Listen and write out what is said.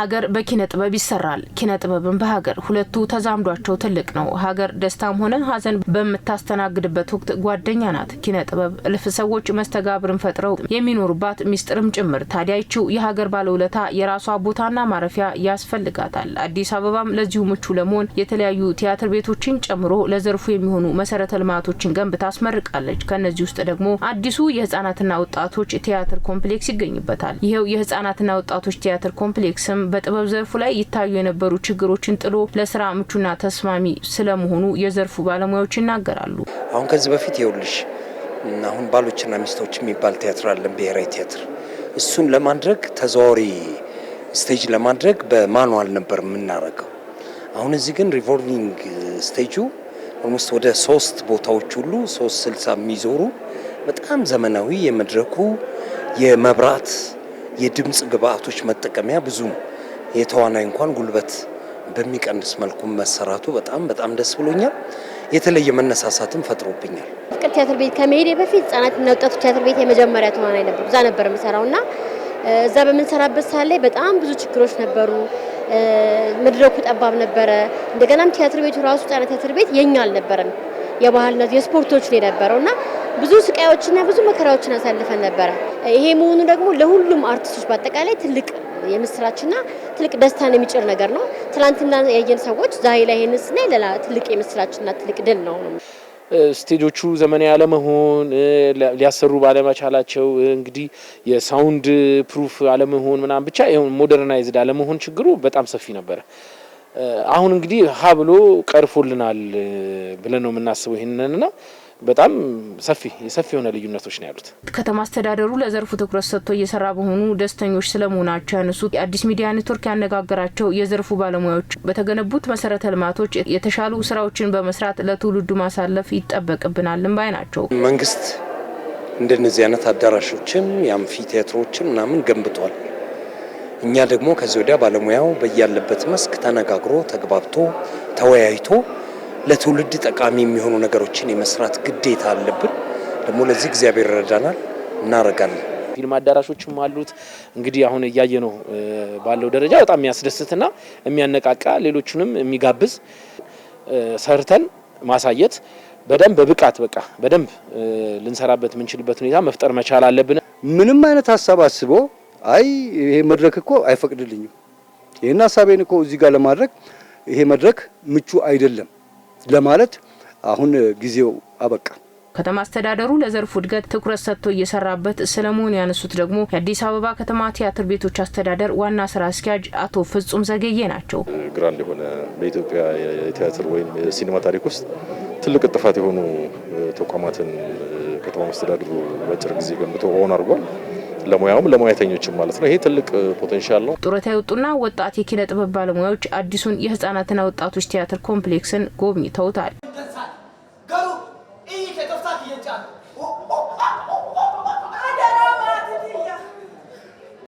ሀገር በኪነ ጥበብ ይሰራል፣ ኪነ ጥበብን በሀገር ሁለቱ ተዛምዷቸው ትልቅ ነው። ሀገር ደስታም ሆነ ሀዘን በምታስተናግድበት ወቅት ጓደኛ ናት። ኪነ ጥበብ እልፍ ሰዎች መስተጋብርን ፈጥረው የሚኖሩባት ሚስጥርም ጭምር። ታዲያ ይቺው የሀገር ባለውለታ የራሷ ቦታና ማረፊያ ያስፈልጋታል። አዲስ አበባም ለዚሁ ምቹ ለመሆን የተለያዩ ቲያትር ቤቶችን ጨምሮ ለዘርፉ የሚሆኑ መሰረተ ልማቶችን ገንብታ አስመርቃለች። ከእነዚህ ውስጥ ደግሞ አዲሱ የህጻናትና ወጣቶች ቲያትር ኮምፕሌክስ ይገኝበታል። ይኸው የህጻናትና ወጣቶች ቲያትር ኮምፕሌክስም በጥበብ ዘርፉ ላይ ይታዩ የነበሩ ችግሮችን ጥሎ ለስራ ምቹና ተስማሚ ስለመሆኑ የዘርፉ ባለሙያዎች ይናገራሉ። አሁን ከዚህ በፊት የውልሽ አሁን ባሎችና ሚስቶች የሚባል ቲያትር አለን፣ ብሔራዊ ቲያትር። እሱን ለማድረግ ተዘዋዋሪ ስቴጅ ለማድረግ በማኑዋል ነበር የምናረገው። አሁን እዚህ ግን ሪቮልቪንግ ስቴጁ ኦልሞስት ወደ ሶስት ቦታዎች ሁሉ ሶስት ስልሳ የሚዞሩ በጣም ዘመናዊ የመድረኩ የመብራት የድምፅ ግብአቶች መጠቀሚያ ብዙ ነው። የተዋናይ እንኳን ጉልበት በሚቀንስ መልኩ መሰራቱ በጣም በጣም ደስ ብሎኛል። የተለየ መነሳሳትም ፈጥሮብኛል። ፍቅር ቲያትር ቤት ከመሄድ በፊት እና ወጣቶች ቲያትር ቤት የመጀመሪያ ተዋናይ ነበር። እዛ ነበር የምሰራው እና እዛ በምንሰራበት ሰዓት ላይ በጣም ብዙ ችግሮች ነበሩ። መድረኩ ጠባብ ነበረ። እንደገናም ቲያትር ቤቱ ራሱ ህጻናት ቲያትር ቤት የኛ አልነበረም። የባህልና የስፖርቶች ነው የነበረው እና ብዙ ስቃዮችና ብዙ መከራዎችን አሳልፈን ነበረ። ይሄ መሆኑ ደግሞ ለሁሉም አርቲስቶች በአጠቃላይ ትልቅ የምስራችና ትልቅ ደስታን የሚጭር ነገር ነው። ትላንትና ያየን ሰዎች ዛሬ ላይ ይህን ስናይ ሌላ ትልቅ የምስራችና ትልቅ ድል ነው። ስቴጆቹ ዘመናዊ አለመሆን ሊያሰሩ ባለመቻላቸው እንግዲህ የሳውንድ ፕሩፍ አለመሆን ምናምን ብቻ ሞደርናይዝድ አለመሆን ችግሩ በጣም ሰፊ ነበረ። አሁን እንግዲህ ሀ ብሎ ቀርፎልናል ብለን ነው የምናስበው ይህንንና በጣም ሰፊ የሰፊ የሆነ ልዩነቶች ነው ያሉት። ከተማ አስተዳደሩ ለዘርፉ ትኩረት ሰጥቶ እየሰራ በሆኑ ደስተኞች ስለመሆናቸው ያነሱት የአዲስ ሚዲያ ኔትወርክ ያነጋገራቸው የዘርፉ ባለሙያዎች በተገነቡት መሰረተ ልማቶች የተሻሉ ስራዎችን በመስራት ለትውልዱ ማሳለፍ ይጠበቅብናል ባይ ናቸው። መንግስት እንደነዚህ አይነት አዳራሾችን የአምፊ ቴአትሮችን ምናምን ገንብቷል። እኛ ደግሞ ከዚህ ወዲያ ባለሙያው በያለበት መስክ ተነጋግሮ ተግባብቶ ተወያይቶ ለትውልድ ጠቃሚ የሚሆኑ ነገሮችን የመስራት ግዴታ አለብን። ደግሞ ለዚህ እግዚአብሔር ይረዳናል፣ እናደርጋለን። ፊልም አዳራሾችም አሉት። እንግዲህ አሁን እያየ ነው ባለው ደረጃ በጣም የሚያስደስትና የሚያነቃቃ ሌሎቹንም የሚጋብዝ ሰርተን ማሳየት በደንብ በብቃት በቃ በደንብ ልንሰራበት የምንችልበት ሁኔታ መፍጠር መቻል አለብን። ምንም አይነት ሀሳብ አስቦ አይ ይሄ መድረክ እኮ አይፈቅድልኝም፣ ይህን ሀሳቤን እኮ እዚህ ጋር ለማድረግ ይሄ መድረክ ምቹ አይደለም ለማለት አሁን ጊዜው አበቃ። ከተማ አስተዳደሩ ለዘርፉ እድገት ትኩረት ሰጥቶ እየሰራበት ስለመሆኑ ያነሱት ደግሞ የአዲስ አበባ ከተማ ቲያትር ቤቶች አስተዳደር ዋና ስራ አስኪያጅ አቶ ፍጹም ዘገየ ናቸው። ግራንድ የሆነ በኢትዮጵያ የቲያትር ወይም የሲኒማ ታሪክ ውስጥ ትልቅ ጥፋት የሆኑ ተቋማትን ከተማ አስተዳደሩ በአጭር ጊዜ ገንብቶ ሆን አድርጓል። ለሙያውም ለሙያተኞችም ማለት ነው። ይሄ ትልቅ ፖቴንሻል ነው። ጡረታ የወጡና ወጣት የኪነ ጥበብ ባለሙያዎች አዲሱን የህጻናትና ወጣቶች ቲያትር ኮምፕሌክስን ጎብኝተውታል።